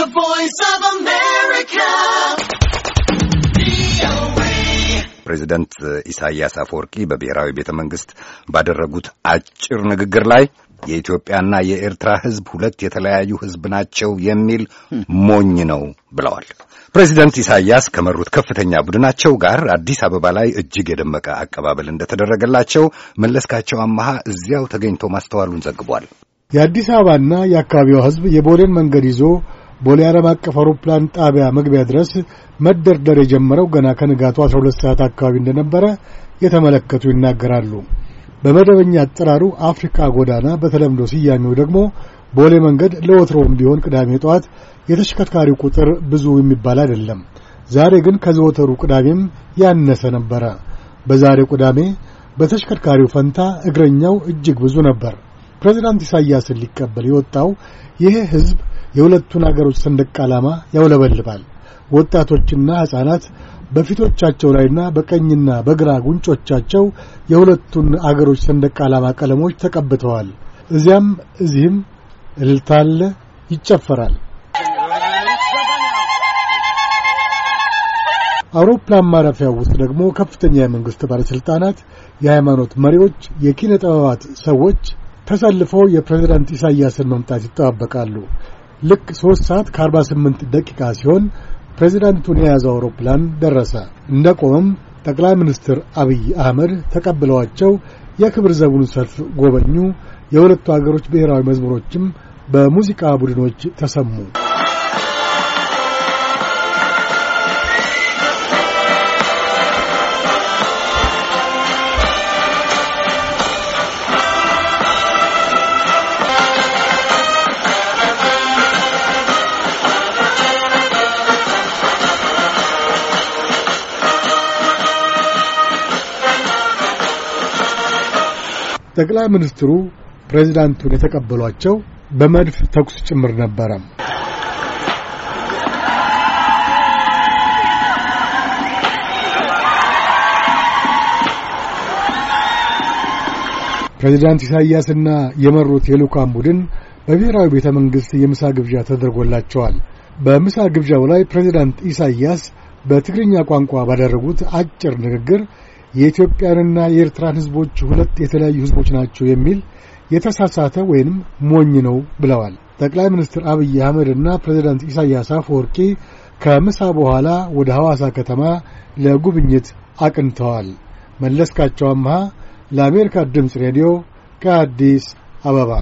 The Voice of America. ፕሬዚደንት ኢሳያስ አፈወርቂ በብሔራዊ ቤተ መንግስት ባደረጉት አጭር ንግግር ላይ የኢትዮጵያና የኤርትራ ህዝብ ሁለት የተለያዩ ህዝብ ናቸው የሚል ሞኝ ነው ብለዋል። ፕሬዚደንት ኢሳያስ ከመሩት ከፍተኛ ቡድናቸው ጋር አዲስ አበባ ላይ እጅግ የደመቀ አቀባበል እንደተደረገላቸው መለስካቸው አማሃ እዚያው ተገኝቶ ማስተዋሉን ዘግቧል። የአዲስ አበባና የአካባቢዋ ህዝብ የቦሌን መንገድ ይዞ ቦሌ ዓለም አቀፍ አውሮፕላን ጣቢያ መግቢያ ድረስ መደርደር የጀመረው ገና ከንጋቱ 12 ሰዓት አካባቢ እንደነበረ የተመለከቱ ይናገራሉ። በመደበኛ አጠራሩ አፍሪካ ጎዳና በተለምዶ ስያሜው ደግሞ ቦሌ መንገድ ለወትሮውም ቢሆን ቅዳሜ ጠዋት የተሽከርካሪ ቁጥር ብዙ የሚባል አይደለም። ዛሬ ግን ከዘወተሩ ቅዳሜም ያነሰ ነበረ። በዛሬው ቅዳሜ በተሽከርካሪው ፈንታ እግረኛው እጅግ ብዙ ነበር። ፕሬዚዳንት ኢሳያስን ሊቀበል የወጣው ይህ ህዝብ የሁለቱን አገሮች ሰንደቅ ዓላማ ያውለበልባል። ወጣቶችና ሕፃናት በፊቶቻቸው ላይና በቀኝና በግራ ጉንጮቻቸው የሁለቱን አገሮች ሰንደቅ ዓላማ ቀለሞች ተቀብተዋል። እዚያም እዚህም እልታለ ይጨፈራል። አውሮፕላን ማረፊያው ውስጥ ደግሞ ከፍተኛ የመንግሥት ባለሥልጣናት፣ የሃይማኖት መሪዎች፣ የኪነ ጥበባት ሰዎች ተሰልፈው የፕሬዝዳንት ኢሳያስን መምጣት ይጠባበቃሉ። ልክ ሦስት ሰዓት ከ ስምንት ደቂቃ ሲሆን ፕሬዚዳንቱን የያዘው አውሮፕላን ደረሰ። እንደ ቆመም ጠቅላይ ሚኒስትር አብይ አህመድ ተቀብለዋቸው የክብር ዘቡን ሰልፍ ጎበኙ። የሁለቱ አገሮች ብሔራዊ መዝሙሮችም በሙዚቃ ቡድኖች ተሰሙ። ጠቅላይ ሚኒስትሩ ፕሬዚዳንቱን የተቀበሏቸው በመድፍ ተኩስ ጭምር ነበረ። ፕሬዚዳንት ኢሳይያስና የመሩት የልዑካን ቡድን በብሔራዊ ቤተ መንግሥት የምሳ ግብዣ ተደርጎላቸዋል። በምሳ ግብዣው ላይ ፕሬዚዳንት ኢሳይያስ በትግርኛ ቋንቋ ባደረጉት አጭር ንግግር የኢትዮጵያንና የኤርትራን ህዝቦች ሁለት የተለያዩ ህዝቦች ናቸው የሚል የተሳሳተ ወይንም ሞኝ ነው ብለዋል። ጠቅላይ ሚኒስትር አብይ አህመድ እና ፕሬዚዳንት ኢሳያስ አፈወርቂ ከምሳ በኋላ ወደ ሐዋሳ ከተማ ለጉብኝት አቅንተዋል። መለስካቸው አምሃ ለአሜሪካ ድምፅ ሬዲዮ ከአዲስ አበባ